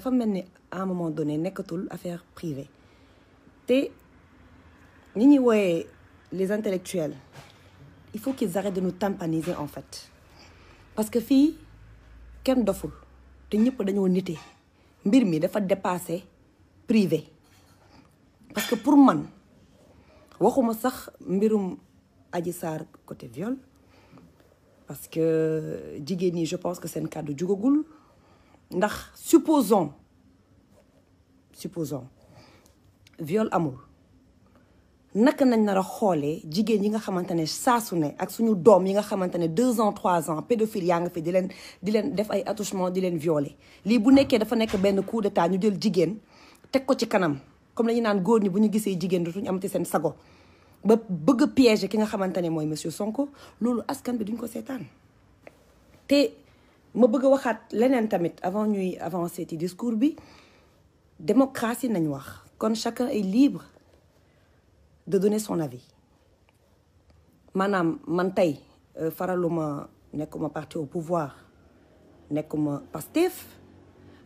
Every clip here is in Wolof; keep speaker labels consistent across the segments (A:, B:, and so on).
A: dafa mel ni à un moment donné nekkatul affaire privée te ñi ñuy wooyee les intellectuels il faut qu'ils arrêtent de nous tampaniser en fait parce que fii kenn doful te ñëpp dañoo nite mbir mi dafa dépassé privé parce que pour man waxuma sax mbirum aji Sarr côté viol parce que jigéen ñi je pense que seen kàddu jugagul ndax supposons supposons viole amul naka nañ nar a xoolee jigéen yi nga xamante ne saasu ne ak suñu doom yi nga xamante ne deux ans trois ans pédophile yaa nga fi di leen di leen def ay attouchement di leen violer lii bu nekkee dafa nekk benn coup d'état ñu jël jigéen teg ko ci kanam comme la naan góor ñi bu ñu gisee jigéen am amati seen sago ba bëgg a ki nga xamante ne mooy monsieur Sonko loolu askan bi duñ ko seetaan ma bëgg a waxaat leneen tamit avant ñuy avancer ci discours bi démocratie nañ wax kon chacun est libre de donner son avis maanaam man tey euh, faraluma nekkuma parti au pouvoir nekkuma Pastef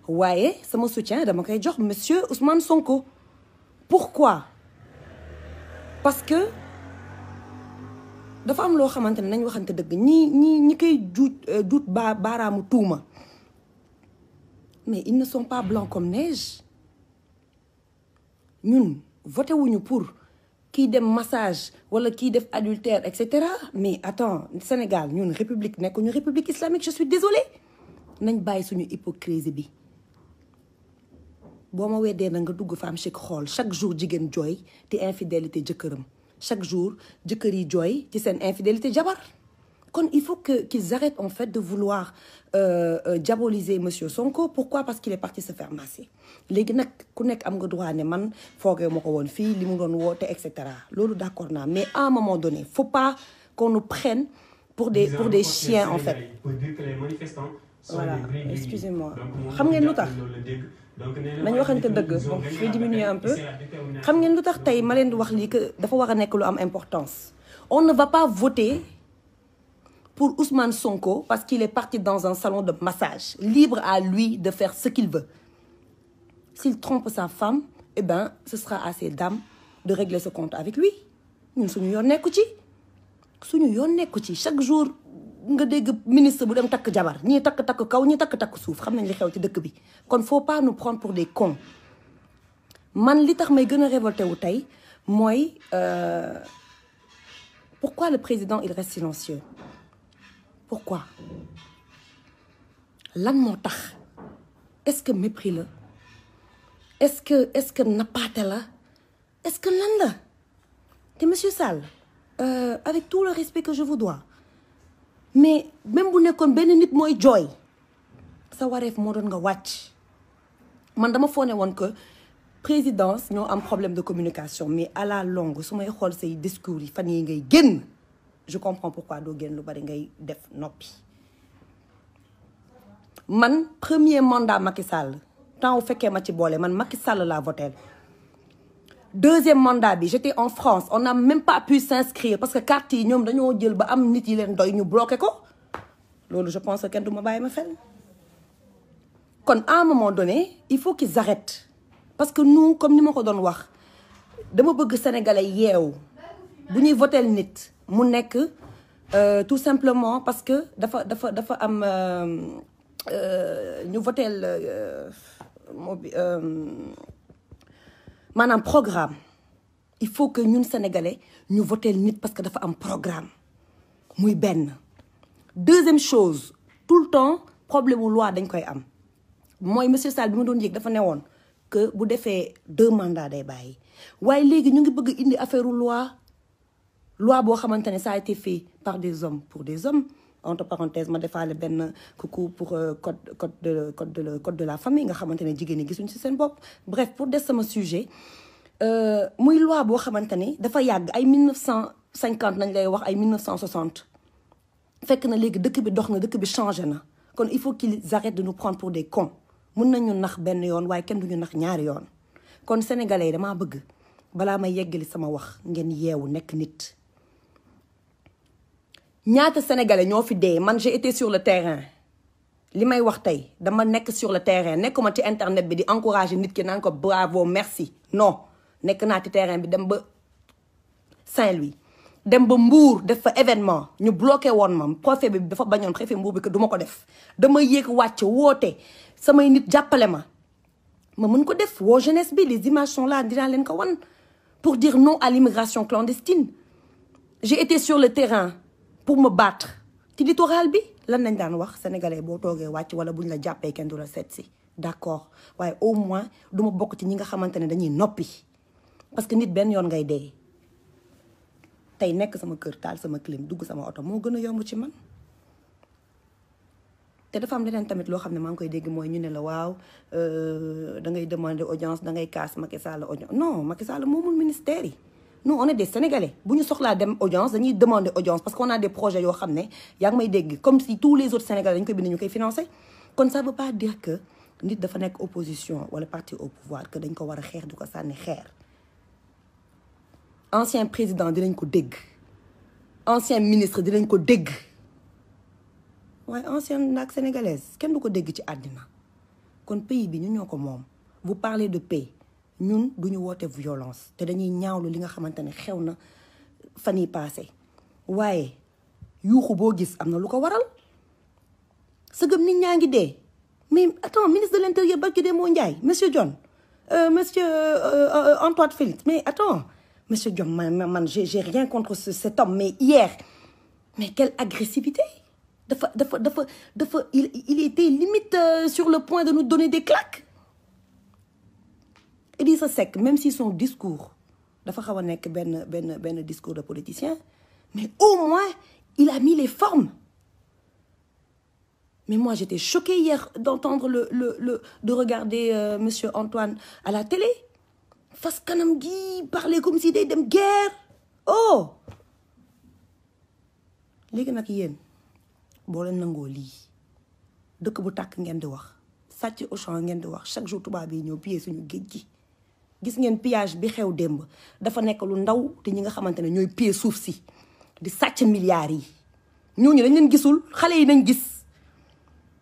A: waaye sama soutien dama koy jox monsieur Ousmane Sonko pourquoi parce que dafa am loo xamante ne nañ waxante dëgg ñi ñi ñi koy juut juut euh, baa baaraamu tuuma mais ils ne sont pas blancs comme neige ñun voté wuñu pour kii dem massage wala kiy def adultère et cetera mais attends Sénégal ñun république nekk ñu république islamique je suis nañ bàyyi suñu hypocrisie bi boo ma weddee na nga dugg femme chic xool chaque jour jigéen jooy te infidélité jëkkëram chaque jour jëkkër yi jooy ci seen infidélité jabar kon il faut que qu'ils arrêtent en fait de vouloir euh, euh, diaboliser monsieur Sonko pourquoi parce qu'il est parti se faire masser léegi nag ku nekk am nga droit ne man fooge ma ko woon fii li mu doon woote et cetera loolu d'accord naa mais à un moment donné faut pas qu'on nous prenne pour des pour des chiens en fait voilà excusez-moi xam ngeen lu tax nañ waxante dëgg bon je vais diminuer un peu xam ngeen lu tax tey maleen leen di wax lii que dafa wax a nekk lu am importance on ne va pas voter pour Ousmane Sonko parce qu'il est parti dans un salon de massage libre à lui de faire ce qu'il veut s'il trompe sa femme eh ben ce sera à ces dames de régler ce compte avec lui ñun suñu yoon nekku ci suñu yoon nekku ci chaque jour nga dégg ministre bu dem takk jabar ñii takk-takk kaw ñii takk-takk suuf xam nañ li xew ci dëkk bi kon faut pas nous prendre pour des cons man li tax may gën a révolté wu tey mooy euh, pourquoi le président il reste silencieux pourquoi lan moo tax est-ce que mépris la est-ce que est-ce que nappaate la est-ce que lan la te monsieur Sall euh, avec tout le respect que je vous dois mais même bu nekkoon benn nit mooy jooy sa wareef moo doon nga wàcc man dama foone woon que présidence ñoo am problème de communication mais à la longue su may xool say discours yi fan yi ngay génn je comprends quoi doo génn lu bari ngay def noppi man premier mandat Macky Sall temps fekkee ma ci boole man Macky Sall laa voteel deuxième mandat bi j'étais en France on n'a même pas pu s'inscrire parce que carte yi ñoom dañoo jël ba am nit yi leen doy ñu bloqué ko loolu je pense que kenn du ma bàyyi ma fen kon à moment donné il faut qu'ils arrêtent parce que nous comme ni ma ko doon wax dama bëgg sénégalais yeewu bu ñuy voteel nit mu nekk euh, tout simplement parce que dafa dafa dafa am euh, euh, ñu voteel mobi maanaam programme il faut que ñun sénégalais ñu voteel nit parce que dafa am programme muy benn deuxième chose tout le temps problème wu loi dañ koy am mooy monsieur Sall bi ma doon yëg dafa newoon que bu defee deux mandats day bàyyi waaye léegi ñu ngi bëgg indi affaire loi loi boo xamante ne ça a été fait par des hommes pour des hommes entre parenthèse ma defaale benn coucou pour euh, code code de code de code de la famille nga xamante ne jigéen ñi gisuñ ci seen bopp bref pour des sama sujet euh, muy loi boo xamante ne dafa yàgg ay 1950 nañ lay wax ay 1960 fekk na léegi dëkk bi dox na dëkk bi changé na kon il faut qu'ils arrêtent de nous prendre pour des cons mun nañu nax benn yoon waaye kenn du ñu nax ñaari yoon kon sénégalais yi damaa bëgg balaa may yeggali sama wax ngeen yeewu nekk nit ñaata sénégalais ñoo fi dee man j'ai été sur le terrain li may wax tey dama nekk sur le terrain nekkuma ci internet bi di encourager nit ki naan ko bravo merci no nekk naa ci terrain bi dem ba Saint-Louis dem ba Mbour def fa événement ñu bloqué woon ma préfet bi dafa bañoon préfet Mbour bi que duma ko def dama yéeg wàcc woote samay nit jàppale ma ma mën ko def woo jeunesse bi les images sont là dinaa leen ko wan pour dire non à l'immigration clandestine j'ai le terrain pour ma baat ci littoral bi lan nañ daan wax sénégalais boo toogee wàcc wala buñ la jàppee kenn du la seet si d'accord waaye au moins du ma bokk ci ñi nga xamante ne dañuy noppi parce que nit benn yoon ngay dee tey nekk sama kër taal sama clim dugg sama oto moo gën a yomb ci man te dafa am leneen tamit loo xam ne maa ngi koy dégg mooy ñu ne la waaw euh, da ngay demander audience da ngay kaas Macky Sall audience non Macky moomul ministère yi nous on est des sénégalais bu ñu soxlaa dem audience dañuy demander audience parce qu'on a des projet yoo xam ne yaa ngi may dégg comme si tous les autres sénégalais dañu koy bind ñu koy financer kon ça veut pas dire que nit dafa nekk opposition wala parti au pouvoir que dañ ko war a xeex du ko sànni xeer ancien président dinañ ko dégg ancien ministre dinañ ko dégg waaye ancienne naak sénégalaise kenn du ko dégg ci àddina kon pays bi ñu ñoo ko moom vous parlez de paix ñun du ñu woote violence te dañuy ñaawlu li nga xamante ne xew na fan yii paase waaye yuuxu boo gis am na lu ko waral sëgëm nit ñaa ngi dee mais attends ministre de l'intérieur barki dee moo Ndiaye monsieur John euh, monsieur euh, euh, Antoine Félix mais attends monsieur John ma man j'ai rien contre cet homme mais hier mais quelle agressivité dafa dafa dafa dafa il était limite sur le point de nous donner des claques Idrissa Seck même si son discours dafa xaw a nekk benn benn benn discours de politicien mais au moins il a mis les formes mais moi j'étais choquée hier d'entendre le le le de regarder euh, monsieur Antoine à la télé fas kanam gi parler comme si day dem guerre oh léegi nag yéen boo leen nangoo lii dëkk bu tàkk ngeen di wax sàcc Auchan ngeen di wax chaque jour tubaab yi ñëw piller suñu géej gi gis ngeen pillage bi xew démb dafa nekk lu ndaw te ñi nga xamante ne ñooy pied suuf si di sàcc milliards yi ñoo ñooñu dañ leen gisul xale yi nañ gis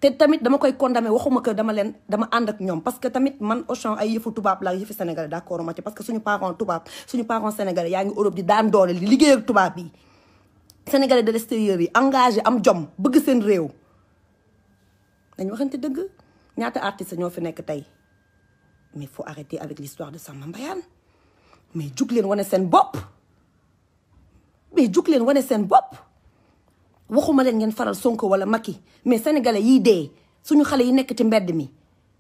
A: te tamit dama koy condamné waxuma que dama leen dama ànd ak ñoom parce que tamit man Auchan ay yëfu tubaab la yëfu sénégalais d'accord ma ci parce que suñu parent tubaab suñu parent sénégalais yaa ngi Europe di daan doole di liggéey ak tubaab yi sénégalais de l'extérieur yi engagé am jom bëgg seen réew dañ waxante dëgg ñaata artiste ñoo fi nekk tey mais faut arrêter avec l'histoire de Samba Mbayaan mais jug leen wane seen bopp mais jug leen wane seen bopp waxuma leen ngeen faral sonk wala Macky mais sénégalais yiy dee suñu xale yi nekk ci mbedd mi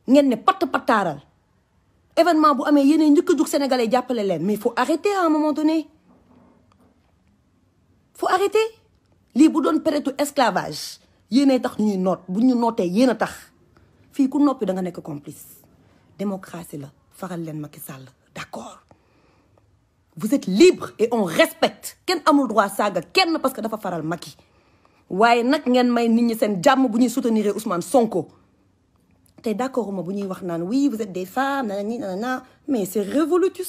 A: ngeen ne patt pattaaral événement bu amee yéenay njëkk jug sénégalais jàppale leen mais faut arrêter à un moment donné fu arrêter lii bu doon pérétu esclavage yéenay tax ñuy noot bu ñu nootee yéen a tax fii ku noppi da nga nekk complice démocratie la faral leen Macky Sall d'accord vous êtes libre et on respecte kenn amul droit saaga kenn parce que dafa faral Macky waaye nag ngeen may nit ñi seen jàmm bu ñuy soutenir Ousmane Sonko te d'accord ma bu ñuy wax naan oui vous êtes des femmes nanani nanana mais c'est révolu tout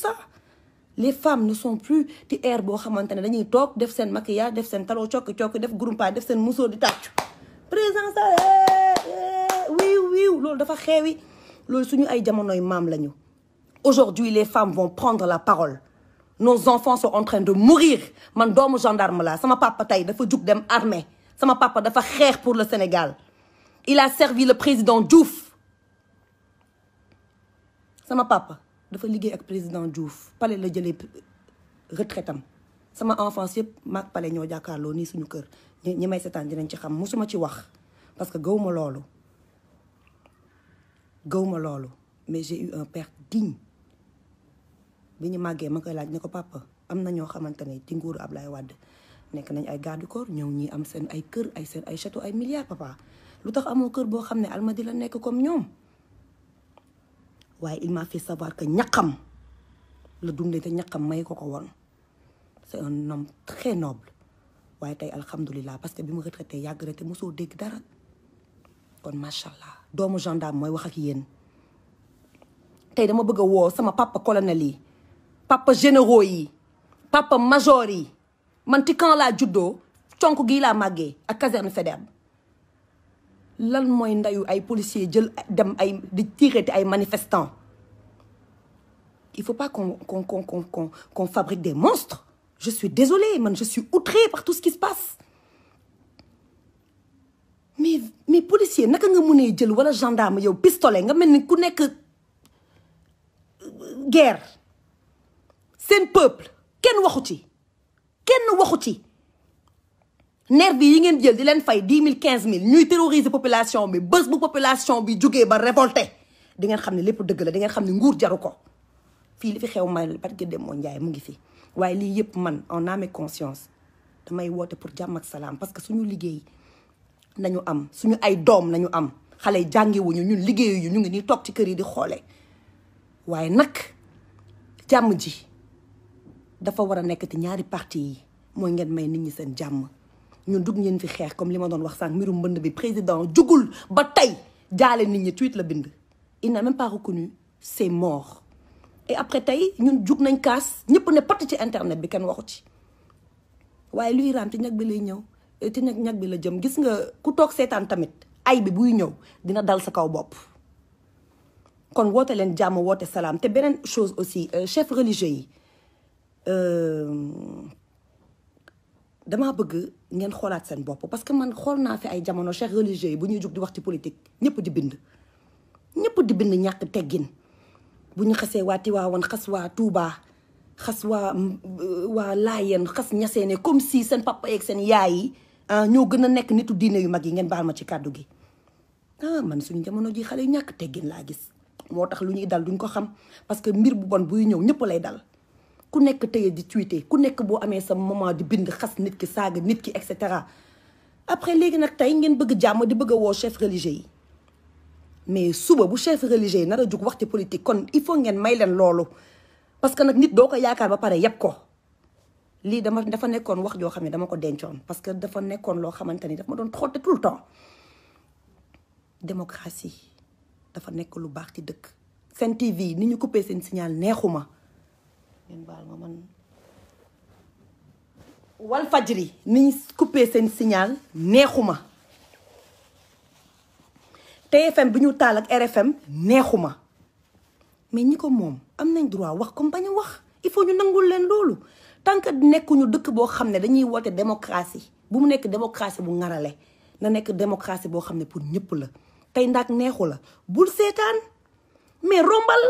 A: les femmes ne sont plus di air boo xamante ne dañuy toog def seen maquillage def seen taloo cokki cokki def groupe def seen muso di tàccu président Sall eh, eh, wiiw loolu suñu ay jamonoy maam lañu aujourd'hui les femmes vont prendre la parole nos enfants sont en train de mourir man doomu gendarme la sama papa tey dafa jug dem armée sama papa dafa xeex pour le Sénégal il servi le président Diouf sama papa dafa liggéey ak président Diouf pale la jëlee retraitam sama enfance yëpp maag pale ñoo jàkkaarloo nii suñu kër ñi may seetaan dinañ ci xam musuma ci wax parce que gawuma loolu gëwma loolu mais j'ai eu un père digne bi ñu màggee ma koy laaj ne ko papa am na ñoo xamante ne ci ab Ablaye wadd nekk nañ ay garde corps ñëw ñi am seen ay kër ay seen ay château ay milliards papa lu tax amoo kër boo xam ne Almadies la nekk comme ñoom waaye il m'a fait savoir que ñaqam la dundee te ñaqam may ko ko woon c'est un homme très noble waaye tey alhamdulilah parce que bi mu retraité yàgg rek te mosoo dégg dara kon macha allah doomu gendarme mooy wax ak yéen tey dama bëgg a woo sama papa colonel yi papa généraux yi papa major yi man ti camp laa juddoo conk gii laa màggee ak caserne Faidherbe lan mooy ndayu ay policiers jël dem ay di tirer ay manifestants il faut pas qu'on qu'on qu'on qu'on qu'on fabrique des monstres je suis désolée man je suis outrée par tout ce qui se passe mais mais policier naka nga mënee jël wala gendarme yow pistolet nga mel ni ku nekk euh, guerre seen peuple kenn waxu ci kenn waxu ci nervi yi ngeen jël di leen fay dix mille quinze mille ñuy terroriser population bi bés bu population bi jógee ba révolté di ngeen xam ne lépp dëgg la di ngeen xam ne nguur jaru ko fii li fi xew ma barke dem moo njaay mu ngi fi waaye lii yëpp man en âme et conscience damay woote pour jàmm ak salaam parce que suñu liggéey nañu am suñu ay doom nañu am xale yi jàngiwuñu ñun liggéeyuñu ñu ngi nii toog ci kër yi di xoole waaye nag jàmm ji dafa war a nekk ci ñaari parti yi mooy ngeen may nit ñi seen jàmm ñu dugg ngeen fi xeex comme li ma doon wax sànq mbirum mbënd bi président jugul ba tey jaale nit ñi tweet la bind il n'a même ko reconnu ses morts et après tey ñun jug nañ kaas ñëpp ne patt ci internet bi kenn waxu ci waaye luy raam ci ñag bi lay ñëw ci eh, nag ñag bi la jëm gis nga ku toog seetaan tamit ay bi buy ñëw dina dal sa kaw bopp kon woote leen jàmm woote salaam te beneen chose aussi euh, chef religieux yi euh, damaa bëgg ngeen xoolaat seen bopp parce que man xool naa fi ay jamono chef religieux yi bu ñuy jug di wax ci politique ñëpp di bind ñëpp di bind ñàkk teggin bu ñu xasee waa Tiwaawan xas waa Tuubaa xas waa waa laayeen xas ne comme si seen papa yeeg seen yaay yi ah, ñoo gën a nekk nitu diine yu mag yi ngeen baal ma ci kàddu gi ah man suñu jamono ji xale yu ñàkk teggin laa gis moo tax lu ñuy dal duñ ko xam parce que mbir bu bon buy ñëw ñëpp lay dal ku nekk tey di tweeté ku nekk boo amee sa moment di bind xas nit ki saaga nit ki et cetera après léegi nag tey ngeen bëgg jàmm di bëgg a woo chef religieux yi mais suba bu chef religieux yi nar a jug waxti politique kon il faut ngeen may leen loolu parce que nag nit doo ko yaakaar ba pare yëpp ko lii dama dafa nekkoon wax joo xam ne dama ko dencoon parce que dafa nekkoon loo xamante ni daf ma doon xotte tout le temps démocratie dafa nekk lu baax ci dëkk. seen TV ni ñu coupé seen signal ma man wal fajri ni ñu coupé seen signal neexuma TFM bi ñu taal ak RFM neexuma. mais ñi ko moom am nañ droit wax comme bañ wax il faut ñu nangul leen loolu tant que nekkuñu dëkk boo xam ne dañuy woote démocratie bu mu nekk démocratie bu ngarale na nekk démocratie boo xam ne pour ñëpp la tey ndax neexu la bul seetaan mais rombal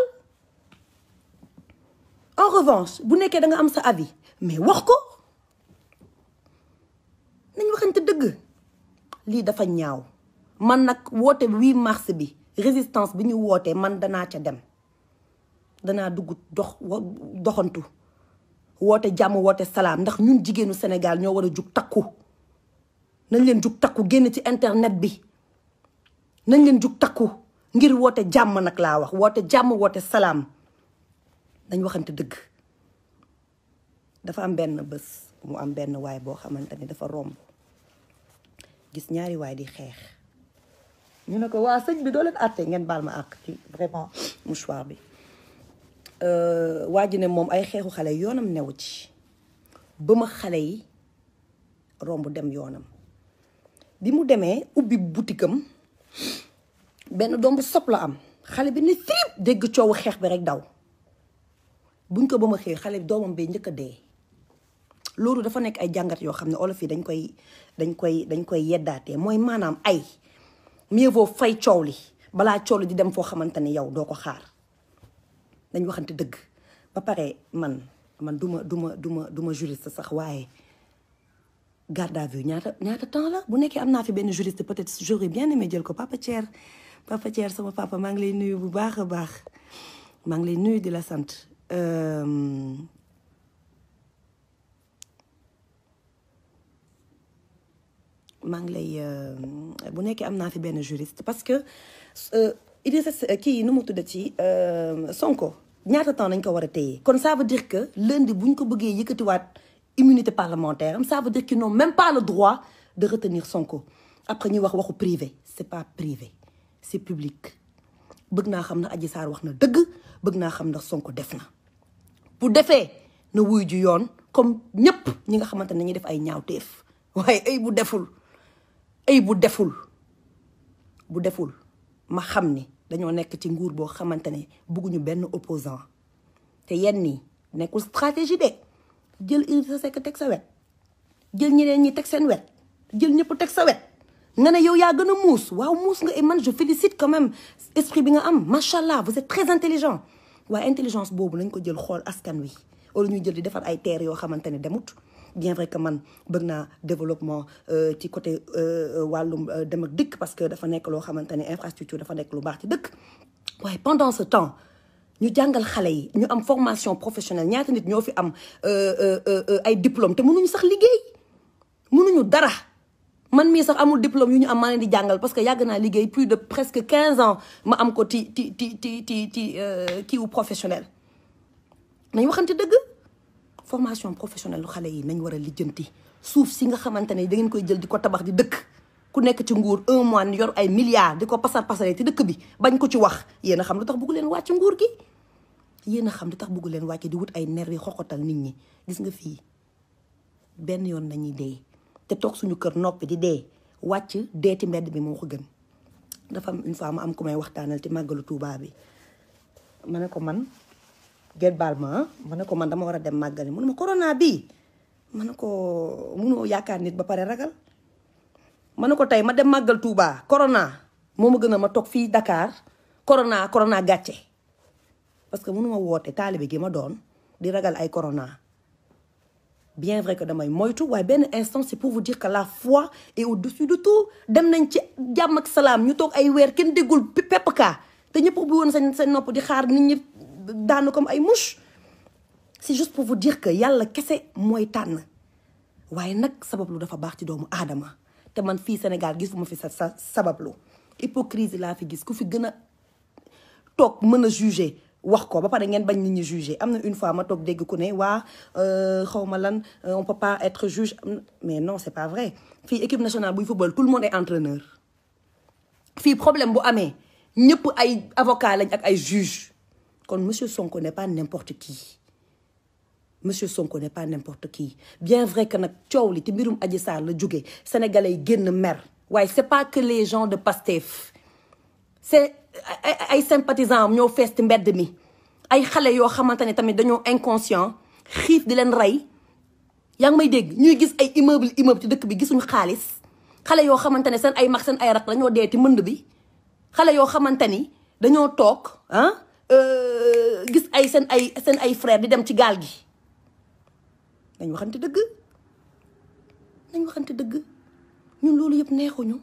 A: en revanche bu nekkee danga am sa avis mais wax ko nañ waxante dëgg lii dafa ñaaw man nag woote 8 mars bi résistance bi ñu wootee man danaa ca dem danaa dugg dox doxantu woote jàmm woote salaam ndax ñun jigéenu Sénégal ñoo war a jug takku nañ leen jug takku génn ci internet bi nañ leen jug takku ngir woote jàmm nag laa wax woote jàmm woote salaam nañ waxante dëgg dafa am benn bés mu am benn waay boo xamante ni dafa romb gis ñaari waay di xeex ñu ne ko waa sëñ bi doo leen àtte ngeen baal ma àq ci vraiment mouchoir bi Euh, waa ji ne moom ay xeexu xale yoonam new ci ba ma xale yi romb dem yoonam bi mu demee ubbi butikam benn doom bu sob la am xale bi ne trip dégg coowu xeex bi rek daw buñ ko ba ma xëy xale bi doomam bee njëkk a dee loolu dafa nekk ay jàngat yoo xam ne olof yi dañ koy dañ koy dañ koy yeddaatee mooy maanaam ay mu vaut fay coow li balaa coow li di dem foo xamante ne yow doo ko xaar nañ waxante dëgg ba pare man man du ma du ma du ma du ma juriste sax waaye garde à vue ñaata ñaata temps la bu nekkee am naa fi benn juriste peut-être j'aurais bien aimé jël ko Papa Thier Papa sama papa maa ngi nuyu bu baax a baax maa ngi lay nuyu di la sant euh, maa ngi lay euh, bu nekkee am naa fi benn juriste parce que euh, Idrissa kii nu mu tuddati Sonko ñaata temps nañ ko war a téye kon ça veut dire que lundi bu ñu ko bëggee yëkkatiwaat immunité parlementaire am ça veut dire même pas le droit de retenir Sonko après ñuy wax waxu privé c'est pas privé c'est public bëgg naa xam na Adji Sarr wax na dëgg bëgg naa xam na Sonko def na bu defee na wuy ju yoon comme ñépp ñi nga xamante ne ñu def ay ñaaw ñaawteef waaye ay bu deful ay bu deful bu deful ma xam ni dañoo nekk ci nguur boo xamante ne bugguñu benn opposant te yenn nii nekkul stratégie de jël Idrissa Seck teg sa wet jël ñeneen ñi teg seen wet jël ñëpp teg sa wet nga yow yaa gën a muus waaw muus nga et man je félicite quand même esprit bi nga am macha allah vous êtes très intelligent waaye intelligence boobu nañ ko jël xool askan wi wala ñuy jël di defar ay terre yoo xamante ne demut bien vrai que man bëgg naa développement euh, ci côté euh, wàllum euh, dem ak dikk parce que dafa nekk loo xamante ne infrastructure dafa nekk lu baax ci dëkk waaye pendant ce temps ñu jàngal xale yi ñu am formation professionnelle ñaata nit ñoo fi am ay diplôme te mënuñu sax liggéey mënuñu dara man mii sax amul diplôme yu ñu am maa leen di jàngal parce que yàgg naa liggéey plus de presque 15 ans ma am ko ci ci ti ci ci ci kiiwu professionnel nañ waxante dëgg formation professionnelle lu xale yi nañ war a lijjanti suuf si nga xamante ne da ngeen koy jël di ko tabax di dëkk ku nekk ci nguur un mois yor ay milliards di ko pasar pasare ci dëkk bi bañ ko ci wax yéen xam lu tax bëgg leen wàcc nguur gi yéen a xam lu tax bëgg leen wàcc di wut ay ner yi xoxotal nit ñi gis nga fii benn yoon nañuy dee te toog suñu kër noppi di dee wàcc dee mbedd bi moo ko gën dafa am une fois ma am ku may waxtaanal ci màggalu Tuubaa yi ma ne ko man gel baal ma ma ne ko man dama war a dem màggali mu ne ma corona bii ma ne ko munoo yaakaar nit ba pare ragal ma ne ko tey ma dem màggal Touba corona moo ma gën a ma toog fii dakaar corona corona gàcce parce que mënuma woote taalibe gi ma doon di ragal ay corona bien vrai que damay moytu waaye benn instant c'est pour vous dire que la foi est au-dessus de tout dem nañ ci jàmm ak salaam ñu toog ay weer kenn déggul pepp kaa te ñëpp ubbi woon seen seen nopp di xaar nit ñi. daanu comme ay mouche c'est juste pour vous dire que yàlla kese mooy tànn waaye nag sabablu dafa baax ci doomu aadama te man fii Sénégal gis bu ma fi sa sa sabablu hypocrisie laa fi gis ku fi gën a toog mën a juger wax ko ba pare ngeen bañ nit ñi juger am na une fois ma toog dégg ku ne waa euh, xaw ma lan euh, on peut pas être juge mais non c'est pas vrai fii équipe nationale buy football tout le monde est fii problème bu amee ñëpp ay avocat lañ ak ay juge kon monsieur Sonko n'est pas n'importe qui monsieur Sonko n'est pas n'importe qui bien vrai que nag coow li ci mbirum Adji Sarr la jóge sénégalais yi génn mer waaye c'est pas que les gens de Pastef c'est ay sympathisants am ñoo fees ci mbedd mi ay xale yoo xamante ne tamit dañoo inconscient xiif di leen rey yaa ngi may dégg ñuy gis ay immeuble immeuble ci dëkk bi gisuñu xaalis xale yoo xamante ne seen ay mag seen ay rak dañoo dee ci mënd bi xale yoo xamante ni dañoo toog ah Euh, gis ay seen ay seen ay frère di dem ci gaal gi nañ waxante dëgg nañ waxante dëgg ñun loolu yëpp neexuñu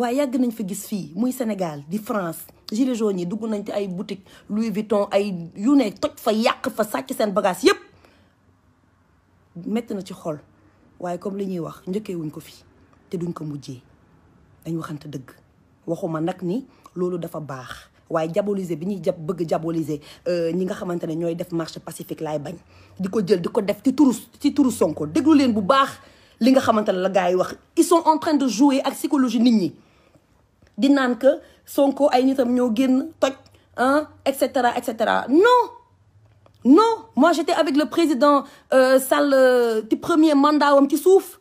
A: waaye yàgg nañ fi gis fii muy Sénégal di France gilets jaunes yi dugg nañ ci ay boutique Louis Vuitton ay yu ne toj fa yàq fa sàcc seen bagage yëpp mett na ci xol waaye comme li ñuy wax njëkkee ko fi te duñ ko mujjee dañ waxante dëgg waxuma nag ni loolu dafa baax waaye diaboliser bi ñuy jab bëgg diaboliser euh, ñi nga xamante ne ñooy def marche pacifique laay bañ di ko jël di ko def ci turu ci turu Sonko déglu leen bu baax li nga xamante ne la gars yi wax ils sont en train de jouer ak psychologie nit ñi di naan que Sonko ay nitam ñoo génn toj et cetera et cetera non non moi j'étais avec le président euh, Sall ci euh, premier mandat wam ci suuf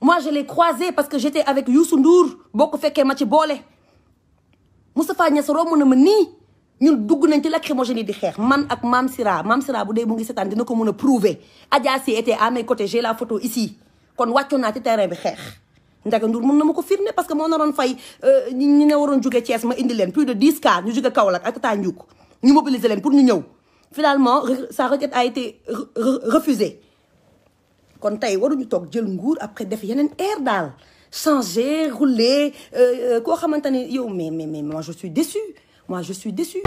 A: moi je l'ai parce que j'étais avec Youssou nduur boo ko fekkee ma ci boole Moustapha Niass romb na ma nii ñun dugg nañ ci lacrymogène yi di xeex man ak Mame Sira Mame Sira bu dee mu ngi seetaan dina ko mën a prouver Adja Sy était à mes côtés j'ai la photo ici kon wàccoon naa ci terrain bi xeex Ndaka Ndour mën na ma ko firnde parce que moo naroon fay euh, ñi nga waroon jóge Thiès ma indi leen plus de 10 cas ñu jóge Kaolack ak Tata Ndiouk ñu mobiliser leen pour ñu ñëw finalement sa requête a été refusée kon tey waruñu toog jël nguur après def yeneen air daal changer rouler koo euh, euh, xamante ne yow mais mais mais moi je suis déçue moi je suis déçue